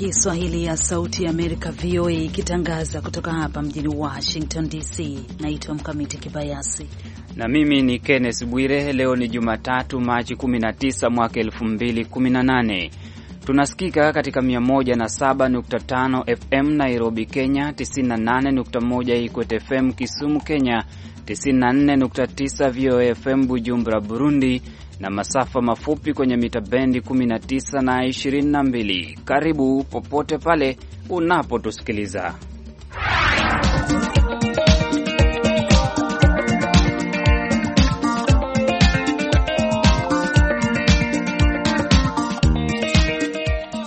Kiswahili ya Sauti ya Amerika, VOA, ikitangaza kutoka hapa mjini Washington DC. Naitwa Mkamiti Kibayasi na mimi ni Kenneth Bwire. Leo ni Jumatatu, Machi 19 mwaka 2018. Tunasikika katika 107.5 FM Nairobi, Kenya, 98.1 Ikwete FM Kisumu, Kenya, 94.9 VOA FM Bujumbura, Burundi na masafa mafupi kwenye mita bendi 19 na 22. Karibu popote pale unapotusikiliza.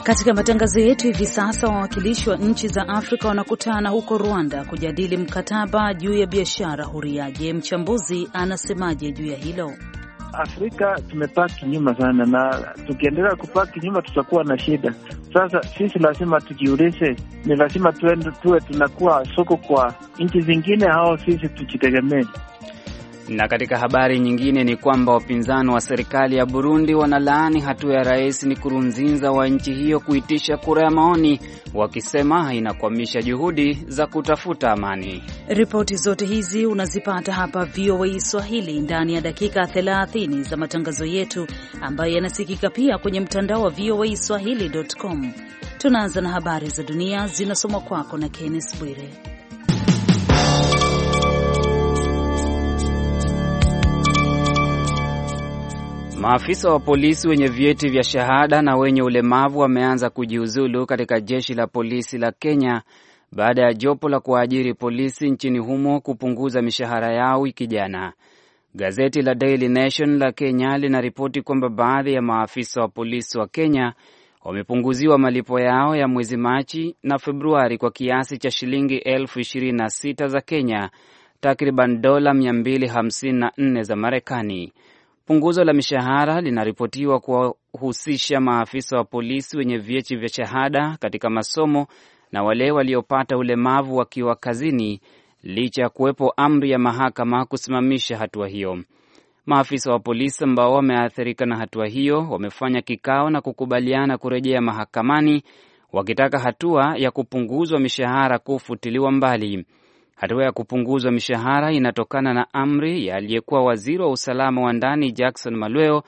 Katika matangazo yetu hivi sasa, wawakilishi wa nchi za Afrika wanakutana huko Rwanda kujadili mkataba juu ya biashara huria. Je, mchambuzi anasemaje juu ya hilo? Afrika tumepaki nyuma sana, na tukiendelea kupaki nyuma tutakuwa na shida. Sasa sisi lazima tujiulize, ni lazima tuwe tunakuwa soko kwa nchi zingine, au sisi tujitegemee? Na katika habari nyingine ni kwamba wapinzani wa serikali ya Burundi wanalaani hatua ya Rais Nkurunziza wa nchi hiyo kuitisha kura ya maoni, wakisema inakwamisha juhudi za kutafuta amani. Ripoti zote hizi unazipata hapa VOA Swahili ndani ya dakika 30 za matangazo yetu ambayo yanasikika pia kwenye mtandao wa VOA Swahili.com. Tunaanza na habari za dunia zinasomwa kwako na Kenneth Bwire. Maafisa wa polisi wenye vyeti vya shahada na wenye ulemavu wameanza kujiuzulu katika jeshi la polisi la Kenya baada ya jopo la kuajiri polisi nchini humo kupunguza mishahara yao wiki jana. Gazeti la Daily Nation la Kenya linaripoti kwamba baadhi ya maafisa wa polisi wa Kenya wamepunguziwa malipo yao ya mwezi Machi na Februari kwa kiasi cha shilingi elfu za Kenya, takriban dola 254 za Marekani. Punguzo la mishahara linaripotiwa kuwahusisha maafisa wa polisi wenye vyeti vya shahada katika masomo na wale waliopata ulemavu wakiwa kazini, licha ya kuwepo amri ya mahakama kusimamisha hatua hiyo. Maafisa wa polisi ambao wameathirika na hatua hiyo wamefanya kikao na kukubaliana kurejea mahakamani wakitaka hatua ya kupunguzwa mishahara kufutiliwa mbali. Hatua ya kupunguzwa mishahara inatokana na amri ya aliyekuwa waziri wa usalama wa ndani Jackson Malweo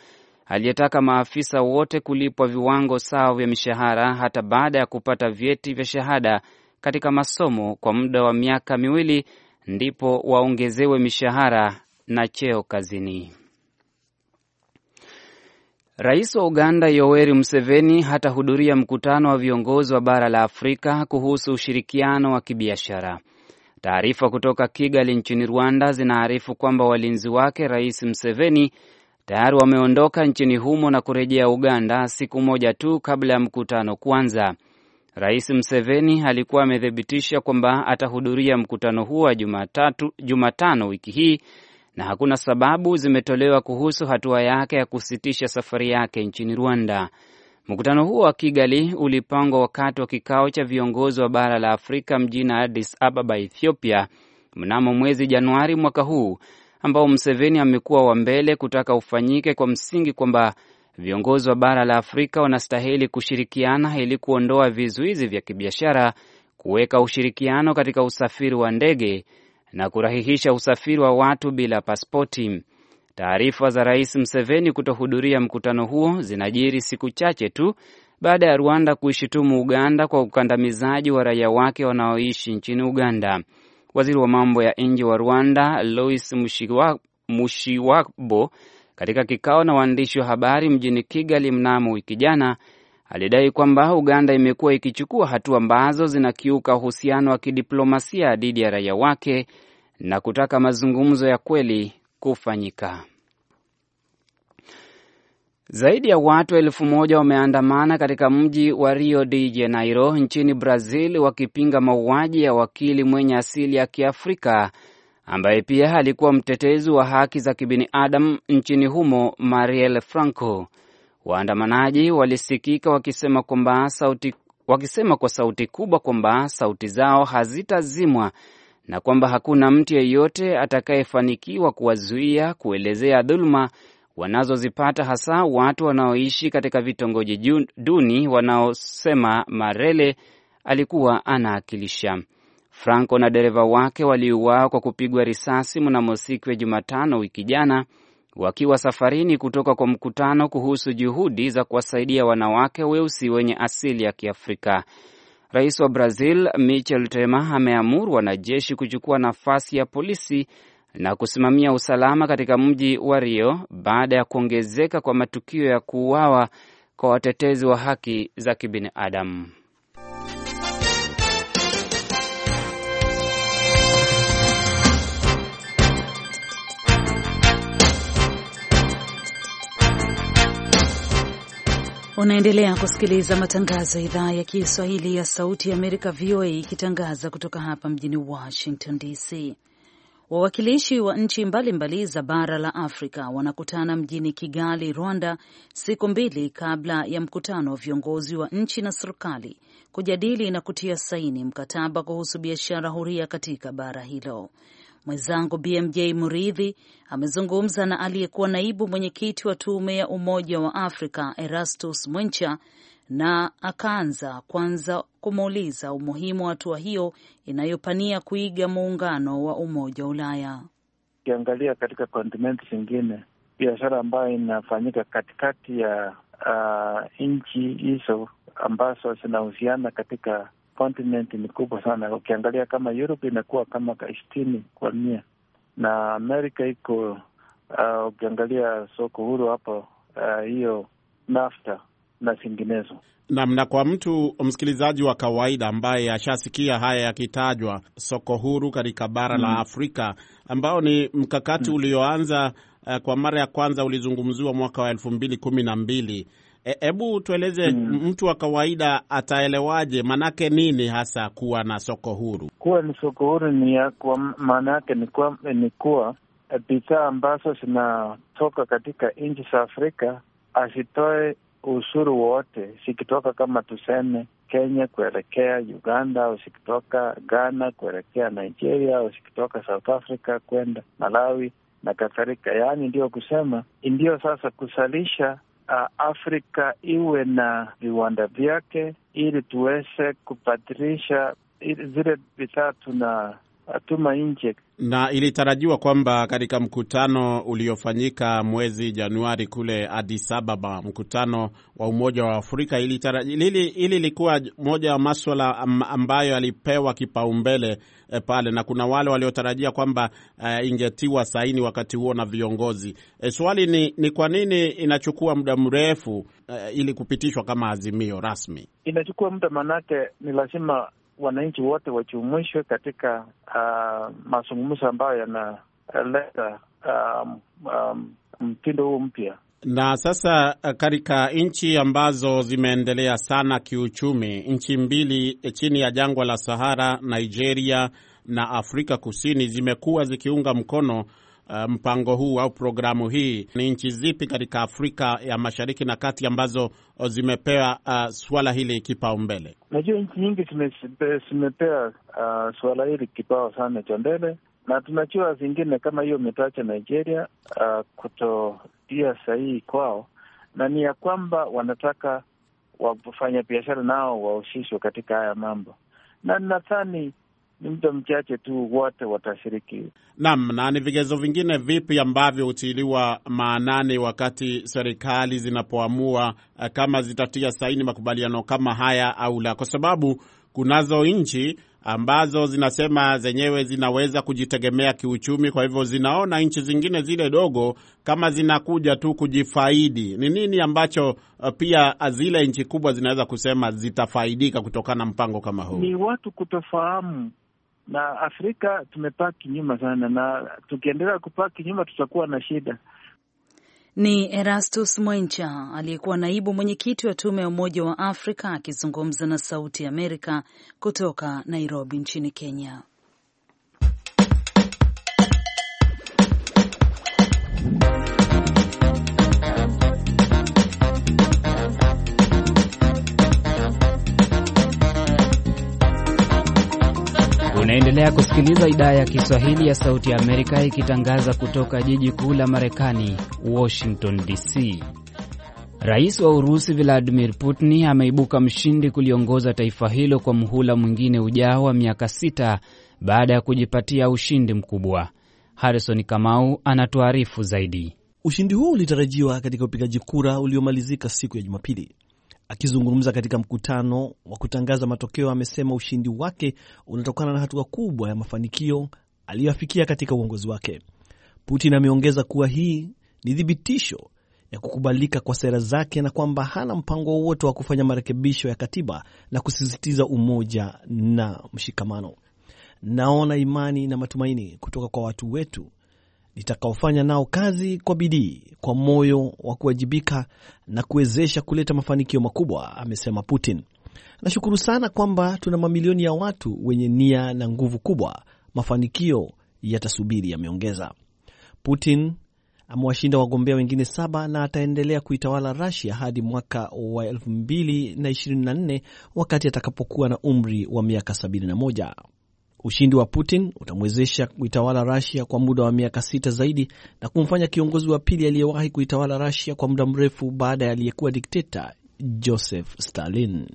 aliyetaka maafisa wote kulipwa viwango sawa vya mishahara hata baada ya kupata vyeti vya shahada katika masomo kwa muda wa miaka miwili, ndipo waongezewe mishahara na cheo kazini. Rais wa Uganda Yoweri Museveni hatahudhuria mkutano wa viongozi wa bara la Afrika kuhusu ushirikiano wa kibiashara. Taarifa kutoka Kigali nchini Rwanda zinaarifu kwamba walinzi wake Rais Museveni tayari wameondoka nchini humo na kurejea Uganda siku moja tu kabla ya mkutano kuanza. Rais Museveni alikuwa amethibitisha kwamba atahudhuria mkutano huo wa Jumatatu, Jumatano wiki hii na hakuna sababu zimetolewa kuhusu hatua yake ya kusitisha safari yake nchini Rwanda. Mkutano huo wa Kigali ulipangwa wakati wa kikao cha viongozi wa bara la Afrika mjini Addis Ababa, Ethiopia, mnamo mwezi Januari mwaka huu, ambao mseveni amekuwa wa mbele kutaka ufanyike kwa msingi kwamba viongozi wa bara la Afrika wanastahili kushirikiana ili kuondoa vizuizi vya kibiashara, kuweka ushirikiano katika usafiri wa ndege na kurahihisha usafiri wa watu bila paspoti Taarifa za Rais Mseveni kutohudhuria mkutano huo zinajiri siku chache tu baada ya Rwanda kuishutumu Uganda kwa ukandamizaji wa raia wake wanaoishi nchini Uganda. Waziri wa mambo ya nje wa Rwanda Louis Mushiwabo katika kikao na waandishi wa habari mjini Kigali mnamo wiki jana alidai kwamba Uganda imekuwa ikichukua hatua ambazo zinakiuka uhusiano wa kidiplomasia dhidi ya raia wake na kutaka mazungumzo ya kweli kufanyika. Zaidi ya watu elfu moja wameandamana katika mji wa Rio de Janeiro nchini Brazil wakipinga mauaji ya wakili mwenye asili ya Kiafrika ambaye pia alikuwa mtetezi wa haki za kibinadamu nchini humo, Marielle Franco. Waandamanaji walisikika wakisema kwamba sauti, wakisema kwa sauti kubwa kwamba sauti zao hazitazimwa na kwamba hakuna mtu yeyote atakayefanikiwa kuwazuia kuelezea dhuluma wanazozipata hasa watu wanaoishi katika vitongoji duni wanaosema Marele alikuwa anaakilisha. Franco na dereva wake waliuawa kwa kupigwa risasi mnamo siku ya Jumatano wiki jana wakiwa safarini kutoka kwa mkutano kuhusu juhudi za kuwasaidia wanawake weusi wenye asili ya Kiafrika. Rais wa Brazil Michel Temer ameamuru wanajeshi kuchukua nafasi ya polisi na kusimamia usalama katika mji wa Rio baada ya kuongezeka kwa matukio ya kuuawa kwa watetezi wa haki za kibinadamu. Unaendelea kusikiliza matangazo ya idhaa ya Kiswahili ya Sauti ya Amerika, VOA, ikitangaza kutoka hapa mjini Washington DC. Wawakilishi wa nchi mbalimbali za bara la Afrika wanakutana mjini Kigali, Rwanda, siku mbili kabla ya mkutano wa viongozi wa nchi na serikali kujadili na kutia saini mkataba kuhusu biashara huria katika bara hilo. Mwenzangu BMJ Muridhi amezungumza na aliyekuwa naibu mwenyekiti wa tume ya Umoja wa Afrika Erastus Mwencha na akaanza kwanza kumuuliza umuhimu wa hatua hiyo inayopania kuiga muungano wa Umoja wa Ulaya. Ukiangalia katika kontinenti zingine, biashara ambayo inafanyika katikati ya uh, nchi hizo ambazo zinahusiana katika continent ni kubwa sana. Ukiangalia kama Europe imekuwa kama sitini kwa mia na Amerika iko uh, ukiangalia soko huru hapo uh, hiyo uh, NAFTA na zinginezo nam. Na kwa mtu msikilizaji wa kawaida ambaye ashasikia haya yakitajwa, soko huru katika bara mm, la Afrika ambao ni mkakati mm, ulioanza uh, kwa mara ya kwanza ulizungumziwa mwaka wa elfu mbili kumi na mbili Hebu e, tueleze mm, mtu wa kawaida ataelewaje? Maanake nini hasa kuwa na soko huru? Kuwa ni soko huru ni maana yake ni kuwa, ni kuwa bidhaa ambazo zinatoka katika nchi za Afrika asitoe ushuru wote zikitoka kama tuseme Kenya kuelekea Uganda au zikitoka Ghana kuelekea Nigeria au zikitoka South Africa kwenda Malawi na kadhalika. Yaani ndiyo kusema, ndiyo sasa kuzalisha uh, Afrika iwe na viwanda vyake ili tuweze kubadilisha zile bidhaa tuna atuma nje. Na ilitarajiwa kwamba katika mkutano uliofanyika mwezi Januari kule Addis Ababa, mkutano wa Umoja wa Afrika, ili likuwa moja ya maswala ambayo yalipewa kipaumbele e, pale na kuna wale waliotarajia kwamba e, ingetiwa saini wakati huo na viongozi e, swali ni, ni kwa nini inachukua muda mrefu e, ili kupitishwa kama azimio rasmi? Inachukua muda manake ni lazima wananchi wote wajumuishwe katika uh, mazungumzo ambayo yanaleta um, um, huu mpya. Na sasa uh, katika nchi ambazo zimeendelea sana kiuchumi, nchi mbili eh, chini ya jangwa la Sahara, Nigeria na Afrika Kusini, zimekuwa zikiunga mkono Eh, mpango huu au programu hii, ni nchi zipi katika Afrika ya Mashariki na Kati ambazo eh, zimepewa uh, eh, suala hili kipaumbele? Najua nchi nyingi zimepewa uh, suala hili kipao sana cha mbele, na tunajua zingine kama hiyo umetaja Nigeria, uh, kutotia sahihi kwao, na ni ya kwamba wanataka wafanya biashara nao wahusishwe katika haya mambo, na nadhani ni muda mchache tu, wote watashiriki. Naam. Na ni vigezo vingine vipi ambavyo hutiiliwa maanani wakati serikali zinapoamua eh, kama zitatia saini makubaliano kama haya au la? Kwa sababu kunazo nchi ambazo zinasema zenyewe zinaweza kujitegemea kiuchumi, kwa hivyo zinaona nchi zingine zile dogo kama zinakuja tu kujifaidi. Ni nini ambacho eh, pia zile nchi kubwa zinaweza kusema zitafaidika kutokana na mpango kama huu? Ni watu kutofahamu na Afrika tumepaki nyuma sana, na tukiendelea kupaki nyuma tutakuwa na shida. Ni Erastus Mwencha aliyekuwa naibu mwenyekiti wa tume ya Umoja wa Afrika akizungumza na Sauti ya Amerika kutoka Nairobi nchini Kenya. Unaendelea kusikiliza idhaa ya Kiswahili ya Sauti ya Amerika ikitangaza kutoka jiji kuu la Marekani, Washington DC. Rais wa Urusi Vladimir Putin ameibuka mshindi kuliongoza taifa hilo kwa mhula mwingine ujao wa miaka sita baada ya kujipatia ushindi mkubwa. Harrison Kamau anatuarifu zaidi. Ushindi huu ulitarajiwa katika upigaji kura uliomalizika siku ya Jumapili. Akizungumza katika mkutano wa kutangaza matokeo, amesema ushindi wake unatokana na hatua kubwa ya mafanikio aliyoafikia katika uongozi wake. Putin ameongeza kuwa hii ni thibitisho ya kukubalika kwa sera zake na kwamba hana mpango wowote wa kufanya marekebisho ya katiba na kusisitiza umoja na mshikamano. Naona imani na matumaini kutoka kwa watu wetu nitakaofanya nao kazi kwa bidii, kwa moyo wa kuwajibika na kuwezesha kuleta mafanikio makubwa, amesema Putin. Nashukuru sana kwamba tuna mamilioni ya watu wenye nia na nguvu kubwa, mafanikio yatasubiri, yameongeza Putin. Amewashinda wagombea wengine saba na ataendelea kuitawala Russia hadi mwaka wa 2024 wakati atakapokuwa na umri wa miaka 71. Ushindi wa Putin utamwezesha kuitawala Rusia kwa muda wa miaka sita zaidi na kumfanya kiongozi wa pili aliyewahi kuitawala Rusia kwa muda mrefu baada ya aliyekuwa dikteta Joseph Stalin.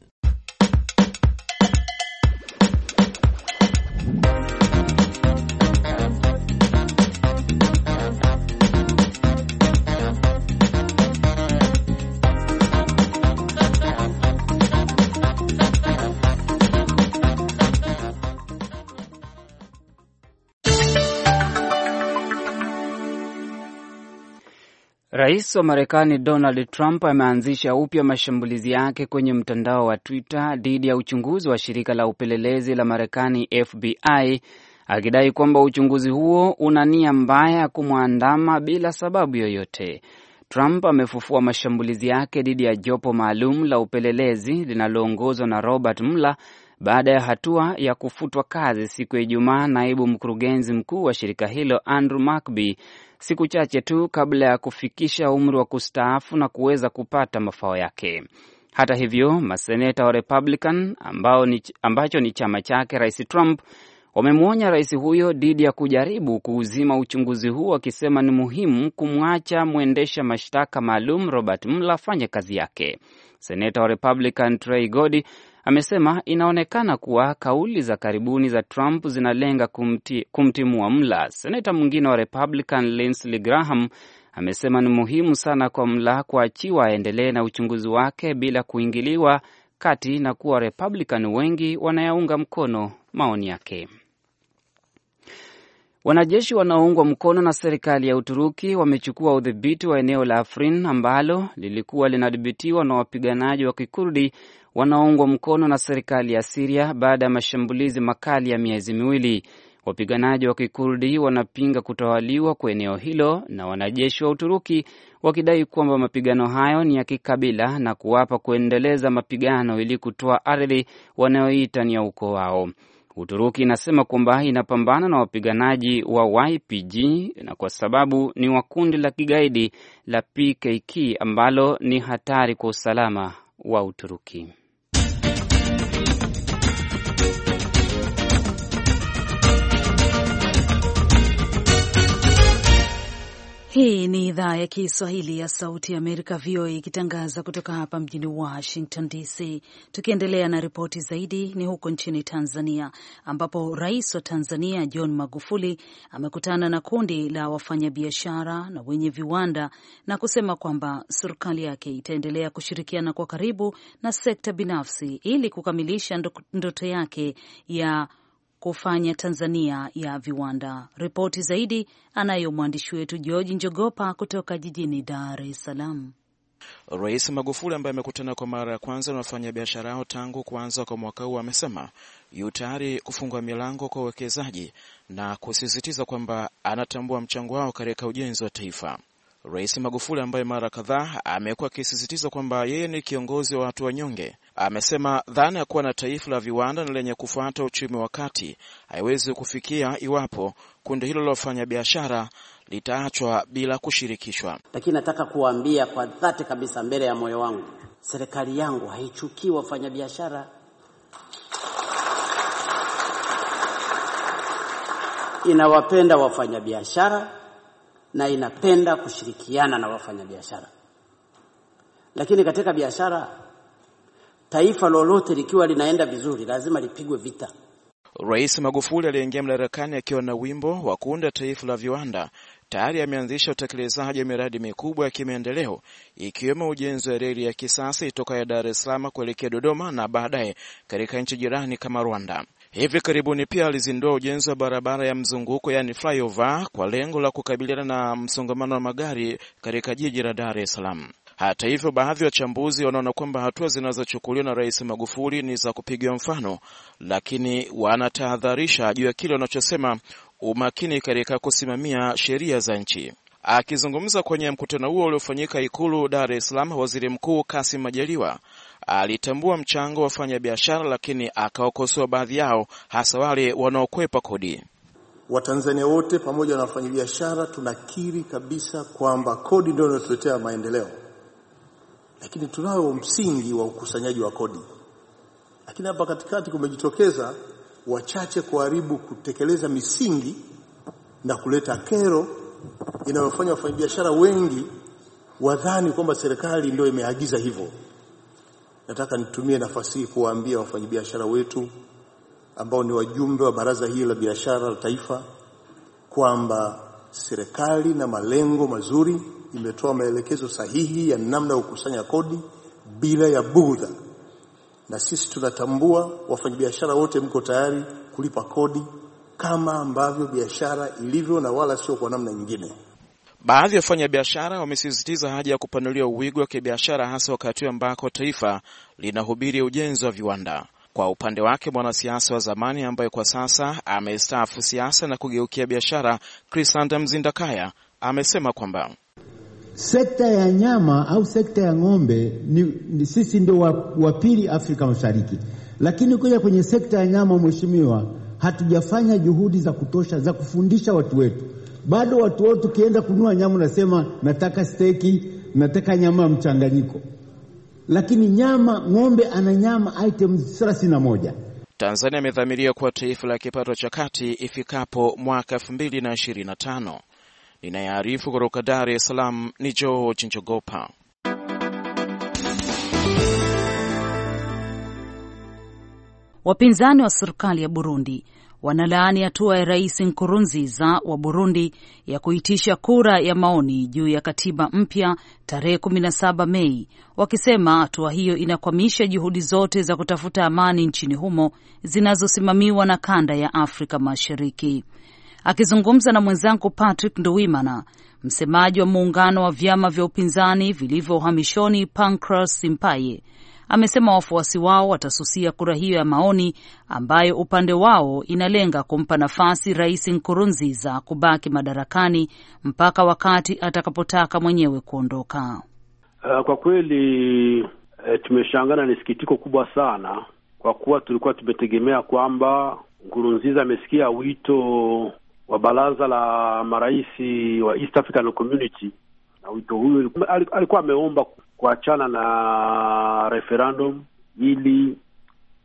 Rais wa Marekani Donald Trump ameanzisha upya mashambulizi yake kwenye mtandao wa Twitter dhidi ya uchunguzi wa shirika la upelelezi la Marekani FBI akidai kwamba uchunguzi huo una nia mbaya ya kumwandama bila sababu yoyote. Trump amefufua mashambulizi yake dhidi ya jopo maalum la upelelezi linaloongozwa na Robert Mueller baada ya hatua ya kufutwa kazi siku ya Ijumaa naibu mkurugenzi mkuu wa shirika hilo Andrew McCabe siku chache tu kabla ya kufikisha umri wa kustaafu na kuweza kupata mafao yake. Hata hivyo, maseneta wa Republican ambao ni, ambacho ni chama chake Rais Trump wamemwonya rais huyo dhidi ya kujaribu kuuzima uchunguzi huo wakisema ni muhimu kumwacha mwendesha mashtaka maalum Robert Mueller afanye kazi yake. Seneta wa Republican Trey Gowdy amesema inaonekana kuwa kauli za karibuni za Trump zinalenga kumti, kumtimua Mueller. Seneta mwingine wa Republican Lindsey Graham amesema ni muhimu sana kwa Mueller kuachiwa aendelee na uchunguzi wake bila kuingiliwa kati na kuwa Republican wengi wanayaunga mkono maoni yake. Wanajeshi wanaoungwa mkono na serikali ya Uturuki wamechukua udhibiti wa eneo la Afrin ambalo lilikuwa linadhibitiwa na wapiganaji wa Kikurdi wanaoungwa mkono na serikali ya Siria baada ya mashambulizi makali ya miezi miwili. Wapiganaji wa Kikurdi wanapinga kutawaliwa kwa eneo hilo na wanajeshi wa Uturuki wakidai kwamba mapigano hayo ni ya kikabila na kuwapa kuendeleza mapigano ili kutoa ardhi wanayoita ni ya ukoo wao. Uturuki inasema kwamba inapambana na wapiganaji wa YPG na kwa sababu ni wa kundi la kigaidi la PKK ambalo ni hatari kwa usalama wa Uturuki. Hii ni idhaa ya Kiswahili ya Sauti ya Amerika, VOA, ikitangaza kutoka hapa mjini Washington DC. Tukiendelea na ripoti zaidi, ni huko nchini Tanzania ambapo rais wa Tanzania John Magufuli amekutana na kundi la wafanyabiashara na wenye viwanda na kusema kwamba serikali yake itaendelea kushirikiana kwa karibu na sekta binafsi ili kukamilisha ndoto yake ya kufanya Tanzania ya viwanda. Ripoti zaidi anayo mwandishi wetu George Njogopa kutoka jijini Dar es Salaam. Rais Magufuli ambaye amekutana kwa mara ya kwanza na wafanyabiashara hao tangu kuanza kwa mwaka huu amesema yu tayari kufungua milango kwa uwekezaji na kusisitiza kwamba anatambua mchango wao katika ujenzi wa taifa. Rais Magufuli ambaye mara kadhaa amekuwa akisisitiza kwamba yeye ni kiongozi wa watu wanyonge Amesema dhana ya kuwa na taifa la viwanda na lenye kufuata uchumi wa kati haiwezi kufikia iwapo kundi hilo la wafanyabiashara litaachwa bila kushirikishwa. Lakini nataka kuwaambia kwa dhati kabisa, mbele ya moyo wangu, serikali yangu haichukii wafanyabiashara, inawapenda wafanyabiashara na inapenda kushirikiana na wafanyabiashara, lakini katika biashara Taifa lolote likiwa linaenda vizuri lazima lipigwe vita. Rais Magufuli aliingia madarakani akiwa na wimbo wa kuunda taifa la viwanda tayari ameanzisha utekelezaji wa miradi mikubwa ya kimaendeleo ikiwemo ujenzi wa reli ya kisasa itokayo Dar es Salaam kuelekea Dodoma na baadaye katika nchi jirani kama Rwanda. Hivi karibuni pia alizindua ujenzi wa barabara ya mzunguko yani flyover kwa lengo la kukabiliana na msongamano wa magari katika jiji la Dar es Salaam. Hata hivyo, baadhi ya wachambuzi wanaona kwamba hatua zinazochukuliwa na Rais Magufuli ni za kupigiwa mfano, lakini wanatahadharisha juu ya kile wanachosema umakini katika kusimamia sheria za nchi. Akizungumza kwenye mkutano huo uliofanyika Ikulu Dar es Salaam, Waziri Mkuu Kassim Majaliwa alitambua mchango wa wafanyabiashara, lakini akawakosoa baadhi yao, hasa wale wanaokwepa kodi. Watanzania wote pamoja na wafanyabiashara tunakiri kabisa kwamba kodi ndio inatuletea maendeleo lakini tunao msingi wa ukusanyaji wa kodi, lakini hapa katikati kumejitokeza wachache kuharibu kutekeleza misingi na kuleta kero inayofanya wafanyabiashara wengi wadhani kwamba serikali ndio imeagiza hivyo. Nataka nitumie nafasi hii kuwaambia wafanyabiashara wetu ambao ni wajumbe wa baraza hili la biashara la taifa kwamba serikali na malengo mazuri imetoa maelekezo sahihi ya namna ya kukusanya kodi bila ya bugudha, na sisi tunatambua wafanyabiashara wote mko tayari kulipa kodi kama ambavyo biashara ilivyo na wala sio kwa namna nyingine. Baadhi ya wafanyabiashara wamesisitiza haja ya kupanuliwa uwigo wa kibiashara hasa wakati ambako taifa linahubiri ujenzi wa viwanda. Kwa upande wake mwanasiasa wa zamani ambaye kwa sasa amestaafu siasa na kugeukia biashara, Chrisanda Mzindakaya amesema kwamba Sekta ya nyama au sekta ya ng'ombe ni, ni sisi ndio wa pili Afrika Mashariki, lakini kuja kwenye sekta ya nyama, mheshimiwa, hatujafanya juhudi za kutosha za kufundisha watu wetu. Bado watu wetu ukienda kununua nyama unasema nataka steki, nataka nyama mchanganyiko, lakini nyama ng'ombe ana nyama items thelathini na moja. Tanzania imedhamiria kuwa taifa la kipato cha kati ifikapo mwaka 2025 inayoarifu kutoka Dar es Salaam ni George Njogopa. Wapinzani wa serikali ya Burundi wanalaani hatua ya Rais Nkurunziza wa Burundi ya kuitisha kura ya maoni juu ya katiba mpya tarehe 17 Mei, wakisema hatua hiyo inakwamisha juhudi zote za kutafuta amani nchini humo zinazosimamiwa na kanda ya Afrika Mashariki. Akizungumza na mwenzangu Patrick Nduwimana, msemaji wa muungano wa vyama vya upinzani vilivyo uhamishoni Pancras Simpaye amesema wafuasi wao watasusia kura hiyo ya maoni ambayo upande wao inalenga kumpa nafasi Rais Nkurunziza kubaki madarakani mpaka wakati atakapotaka mwenyewe kuondoka. Uh, kwa kweli eh, tumeshangana, ni sikitiko kubwa sana, kwa kuwa tulikuwa tumetegemea kwamba Nkurunziza amesikia wito wa baraza la marais wa East African Community, na wito huyo alikuwa ameomba kuachana na referendum ili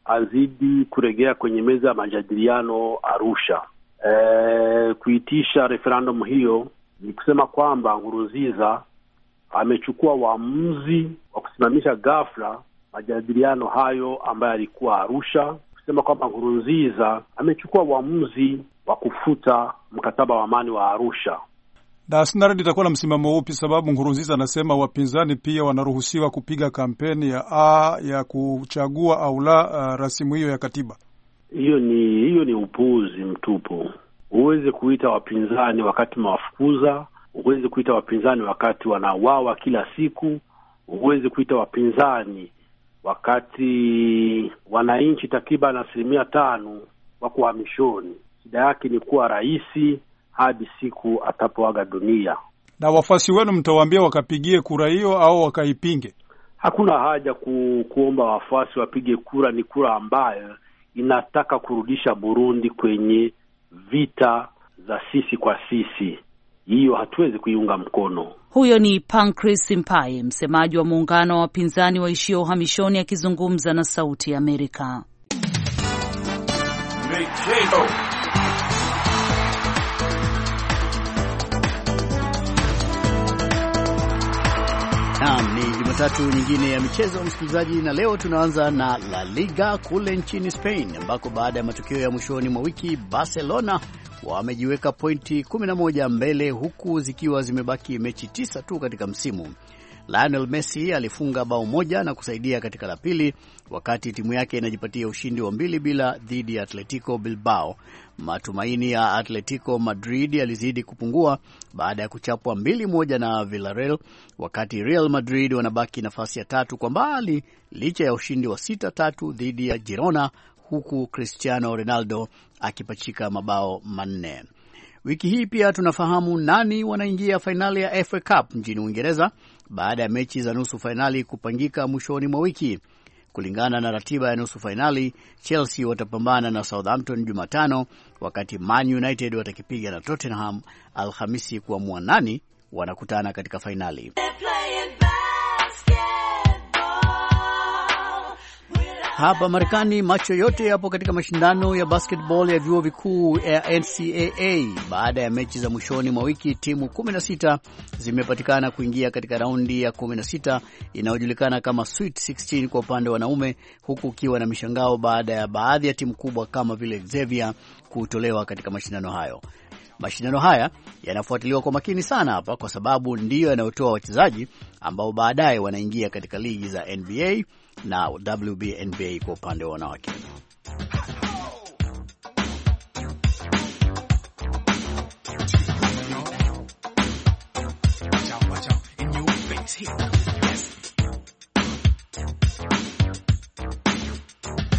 azidi kuregea kwenye meza ya majadiliano Arusha. E, kuitisha referendum hiyo ni kusema kwamba Nkurunziza amechukua uamuzi wa kusimamisha ghafla majadiliano hayo ambayo alikuwa Arusha, kusema kwamba Nkurunziza amechukua uamuzi wa kufuta mkataba wa amani wa Arusha. Na SNARD itakuwa na msimamo upi? Sababu Nkurunziza anasema wapinzani pia wanaruhusiwa kupiga kampeni ya a ya kuchagua au la uh, rasimu hiyo ya katiba. Hiyo ni hiyo ni upuuzi mtupu. Huweze kuita wapinzani wakati mawafukuza, huwezi kuita wapinzani wakati wanawawa kila siku, huwezi kuita wapinzani wakati wananchi takriban asilimia tano wako hamishoni shida yake ni kuwa rais hadi siku atapoaga dunia. Na wafuasi wenu mtawaambia wakapigie kura hiyo au wakaipinge? Hakuna haja ku, kuomba wafuasi wapige kura. Ni kura ambayo inataka kurudisha Burundi kwenye vita za sisi kwa sisi. Hiyo hatuwezi kuiunga mkono. Huyo ni Pancras Mpaye, msemaji wa muungano wa wapinzani waishio uhamishoni, akizungumza na Sauti ya Amerika. Michezo. Naam, ni Jumatatu nyingine ya michezo msikilizaji, na leo tunaanza na La Liga kule nchini Spain, ambako baada ya matukio ya mwishoni mwa wiki Barcelona wamejiweka pointi 11 mbele huku zikiwa zimebaki mechi tisa tu katika msimu. Lionel Messi alifunga bao moja na kusaidia katika la pili, wakati timu yake inajipatia ushindi wa mbili bila dhidi ya Atletico Bilbao Matumaini ya Atletico Madrid yalizidi kupungua baada ya kuchapwa mbili moja na Villarreal, wakati Real Madrid wanabaki nafasi ya tatu kwa mbali licha ya ushindi wa sita tatu dhidi ya Girona, huku Cristiano Ronaldo akipachika mabao manne. Wiki hii pia tunafahamu nani wanaingia fainali ya FA Cup nchini Uingereza baada ya mechi za nusu fainali kupangika mwishoni mwa wiki. Kulingana na ratiba ya nusu fainali, Chelsea watapambana na Southampton Jumatano, wakati Man United watakipiga na Tottenham Alhamisi kuamua nani wanakutana katika fainali. Hapa Marekani macho yote yapo katika mashindano ya basketball ya vyuo vikuu ya NCAA. Baada ya mechi za mwishoni mwa wiki, timu 16 zimepatikana kuingia katika raundi ya 16 inayojulikana kama Sweet 16 kwa upande wa wanaume, huku ukiwa na mishangao baada ya baadhi ya timu kubwa kama vile Xavier kutolewa katika mashindano hayo. Mashindano haya yanafuatiliwa kwa makini sana hapa, kwa sababu ndiyo yanayotoa wachezaji ambao baadaye wanaingia katika ligi za NBA na WNBA kwa upande wa wanawake.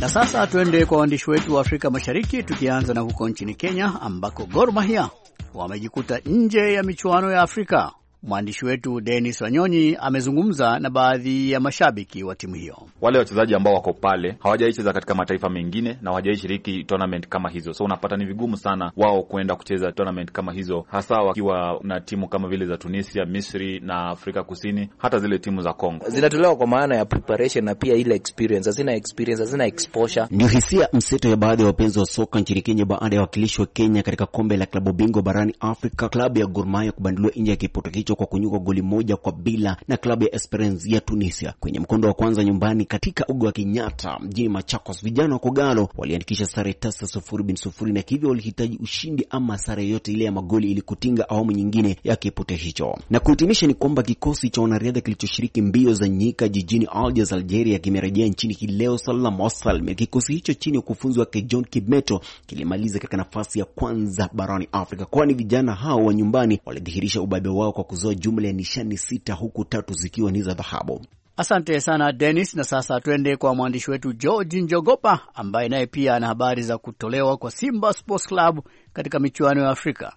Na sasa tuende kwa waandishi wetu wa Afrika Mashariki, tukianza na huko nchini Kenya ambako Gor Mahia wamejikuta nje ya michuano ya Afrika Mwandishi wetu Denis Wanyonyi amezungumza na baadhi ya mashabiki wa timu hiyo. Wale wachezaji ambao wako pale hawajaicheza katika mataifa mengine na hawajaishiriki tournament kama hizo, so unapata ni vigumu sana wao kuenda kucheza tournament kama hizo, hasa wakiwa na timu kama vile za Tunisia, Misri na Afrika Kusini, hata zile timu za Congo zinatolewa kwa maana ya preparation na pia ile experience. Hazina experience, hazina exposure. Ndio hisia mseto ya baadhi ya wapenzi wa soka nchini Kenya baada ya wakilishi wa Kenya katika kombe la klabu bingwa barani Afrika, klabu ya Gor Mahia kubanduliwa nje ya kipoto hicho kwa kunyuka goli moja kwa bila na klabu ya Esperance ya Tunisia kwenye mkondo wa kwanza nyumbani katika uga wa Kenyatta mjini Machakos. Vijana wa Kogalo waliandikisha sare tasa sufuri bin sufuri na hivyo walihitaji ushindi ama sare yote ile ya magoli ili kutinga awamu nyingine ya kipute hicho. Na kuhitimisha ni kwamba kikosi cha wanariadha kilichoshiriki mbio za nyika jijini Algiers, Algeria kimerejea nchini kileo leo salama Kikosi hicho chini ya ukufunzi wake John Kimeto kilimaliza katika nafasi ya kwanza barani Afrika, kwani vijana hao wa nyumbani walidhihirisha ubabe wao kwa kuzoa jumla ya nishani sita huku tatu zikiwa ni za dhahabu. Asante sana Denis, na sasa twende kwa mwandishi wetu George Njogopa ambaye naye pia ana habari za kutolewa kwa Simba Sports Club katika michuano ya Afrika.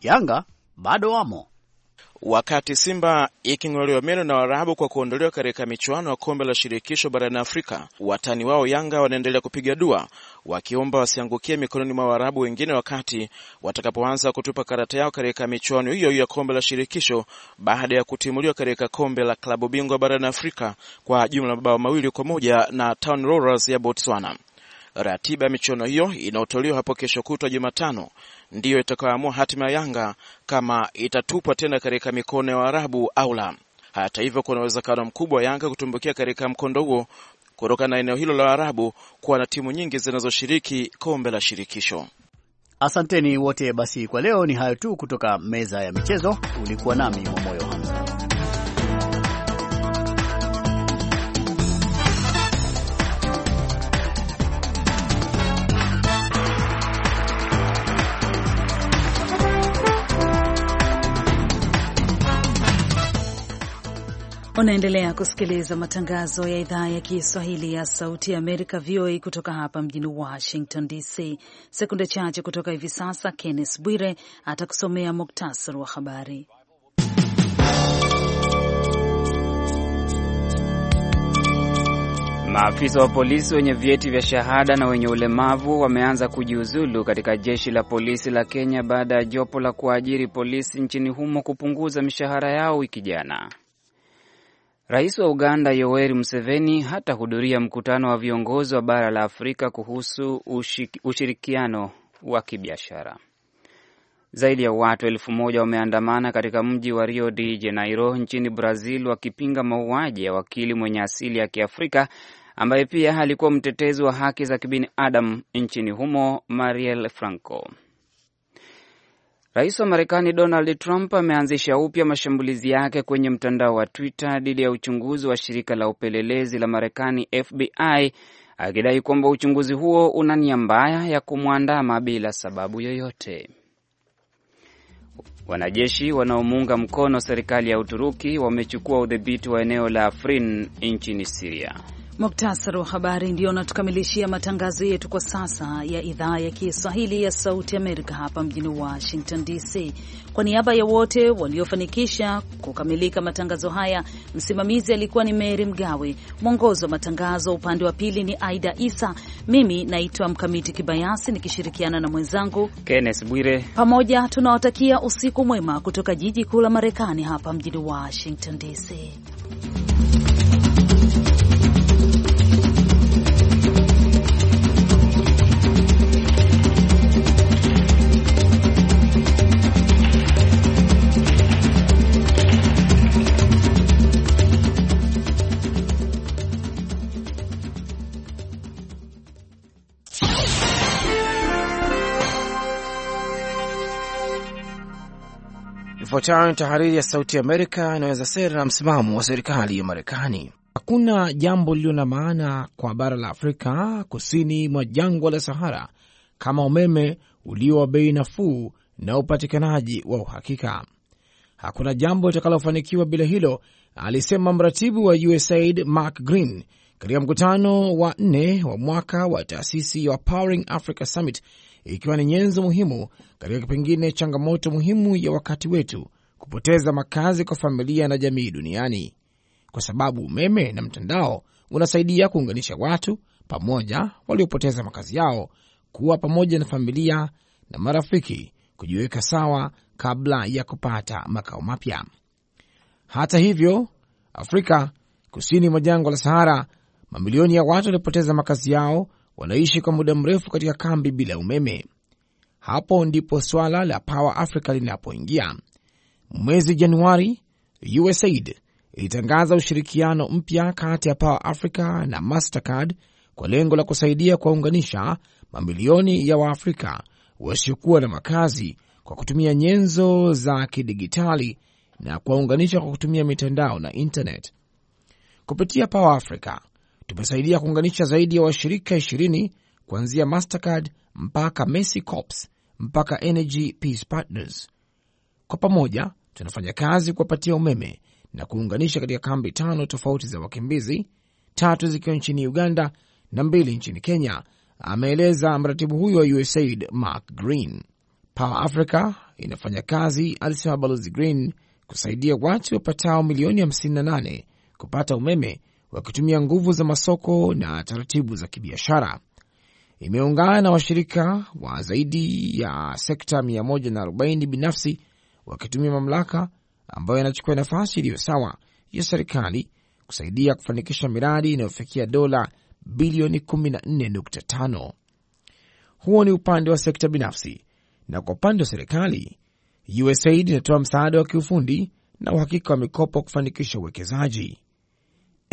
Yanga bado wamo Wakati Simba iking'olewa meno na Waarabu kwa kuondolewa katika michuano ya kombe la shirikisho barani Afrika, watani wao Yanga wanaendelea kupiga dua wakiomba wasiangukie mikononi mwa Waarabu wengine wakati watakapoanza kutupa karata yao katika michuano hiyo ya kombe la shirikisho baada ya kutimuliwa katika kombe la klabu bingwa barani Afrika kwa jumla mabao mawili kwa moja na Town Rollers ya Botswana. Ratiba ya michuano hiyo inayotolewa hapo kesho kutwa Jumatano ndiyo itakayoamua hatima ya Yanga kama itatupwa tena katika mikono ya Waarabu au la. Hata hivyo, kuna uwezekano mkubwa wa Yanga kutumbukia katika mkondo huo kutokana na eneo hilo la Waarabu kuwa na timu nyingi zinazoshiriki kombe la shirikisho. Asanteni wote. Basi kwa leo ni hayo tu kutoka meza ya michezo. Ulikuwa nami Mwamoyo. Unaendelea kusikiliza matangazo ya idhaa ya Kiswahili ya Sauti ya Amerika, VOA, kutoka hapa mjini Washington DC. Sekunde chache kutoka hivi sasa, Kenneth Bwire atakusomea muktasar wa habari. Maafisa wa polisi wenye vyeti vya shahada na wenye ulemavu wameanza kujiuzulu katika jeshi la polisi la Kenya baada ya jopo la kuajiri polisi nchini humo kupunguza mishahara yao wiki jana. Rais wa Uganda Yoweri Museveni hatahudhuria mkutano wa viongozi wa bara la Afrika kuhusu ushirikiano wa kibiashara. Zaidi ya watu elfu moja wameandamana katika mji wa Rio de Janeiro nchini Brazil wakipinga mauaji ya wakili mwenye asili ya Kiafrika ambaye pia alikuwa mtetezi wa haki za kibinadamu nchini humo, mariel Franco. Rais wa Marekani Donald Trump ameanzisha upya mashambulizi yake kwenye mtandao wa Twitter dhidi ya uchunguzi wa shirika la upelelezi la Marekani FBI akidai kwamba uchunguzi huo una nia mbaya ya kumwandama bila sababu yoyote. Wanajeshi wanaomuunga mkono serikali ya Uturuki wamechukua udhibiti wa eneo la Afrin nchini Siria. Muktasari wa habari ndio unatukamilishia matangazo yetu kwa sasa ya idhaa ya Kiswahili ya Sauti Amerika hapa mjini Washington DC. Kwa niaba ya wote waliofanikisha kukamilika matangazo haya, msimamizi alikuwa ni mery Mgawe, mwongozi wa matangazo upande wa pili ni Aida Isa, mimi naitwa Mkamiti Kibayasi nikishirikiana na mwenzangu Kenneth Bwire. Pamoja tunawatakia usiku mwema kutoka jiji kuu la Marekani hapa mjini Washington DC. ifuatayo ni tahariri ya Sauti ya Amerika inaweza sera na msimamo wa serikali ya Marekani. Hakuna jambo lililo na maana kwa bara la Afrika kusini mwa jangwa la Sahara kama umeme ulio wa bei nafuu na upatikanaji wa uhakika. Hakuna jambo litakalofanikiwa bila hilo, alisema mratibu wa USAID Mark Green katika mkutano wa nne wa mwaka wa taasisi ya Powering Africa Summit, ikiwa ni nyenzo muhimu katika kipengine changamoto muhimu ya wakati wetu kupoteza makazi kwa familia na jamii duniani, kwa sababu umeme na mtandao unasaidia kuunganisha watu pamoja waliopoteza makazi yao, kuwa pamoja na familia na marafiki, kujiweka sawa kabla ya kupata makao mapya. Hata hivyo, Afrika kusini mwa jangwa la Sahara, mamilioni ya watu waliopoteza makazi yao wanaishi kwa muda mrefu katika kambi bila umeme. Hapo ndipo swala la Power Africa linapoingia Mwezi Januari, USAID ilitangaza ushirikiano mpya kati ya Power Africa na Mastercard kwa lengo la kusaidia kuwaunganisha mamilioni ya Waafrika wasiokuwa na makazi kwa kutumia nyenzo za kidigitali na kuwaunganisha kwa kutumia mitandao na intanet. Kupitia Power Africa tumesaidia kuunganisha zaidi ya washirika ishirini kuanzia Mastercard mpaka Messi Corps mpaka Energy Peace Partners. Kwa pamoja tunafanya kazi kuwapatia umeme na kuunganisha katika kambi tano tofauti za wakimbizi, tatu zikiwa nchini Uganda na mbili nchini Kenya, ameeleza mratibu huyo wa USAID Mark Green. Power Africa inafanya kazi, alisema Balozi Green, kusaidia watu wapatao milioni 58 kupata umeme wakitumia nguvu za masoko na taratibu za kibiashara. Imeungana na washirika wa zaidi ya sekta 140 binafsi wakitumia mamlaka ambayo yanachukua nafasi iliyo sawa ya serikali kusaidia kufanikisha miradi inayofikia dola bilioni 14.5. Huo ni upande wa sekta binafsi, na kwa upande wa serikali, USAID inatoa msaada wa kiufundi na uhakika wa mikopo kufanikisha uwekezaji.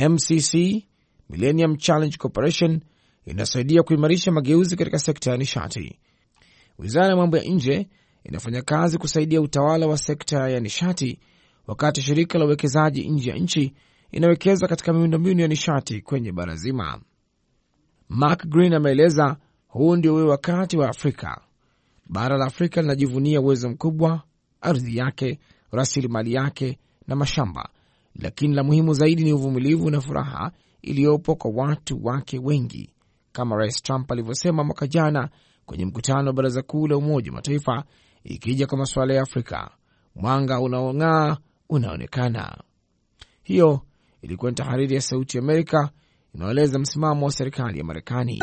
MCC Millennium Challenge Corporation inasaidia kuimarisha mageuzi katika sekta ya nishati. Wizara ya mambo ya nje inafanya kazi kusaidia utawala wa sekta ya nishati, wakati shirika la uwekezaji nje ya nchi inawekeza katika miundombinu ya nishati kwenye bara zima. Mark Green ameeleza, huu ndio uwe wakati wa Afrika. Bara la Afrika linajivunia uwezo mkubwa, ardhi yake, rasilimali yake na mashamba, lakini la muhimu zaidi ni uvumilivu na furaha iliyopo kwa watu wake wengi, kama Rais Trump alivyosema mwaka jana kwenye mkutano wa Baraza Kuu la Umoja wa Mataifa Ikija kwa masuala ya Afrika, mwanga unaong'aa unaonekana. Hiyo ilikuwa ni tahariri ya Sauti ya Amerika inayoeleza msimamo wa serikali ya Marekani.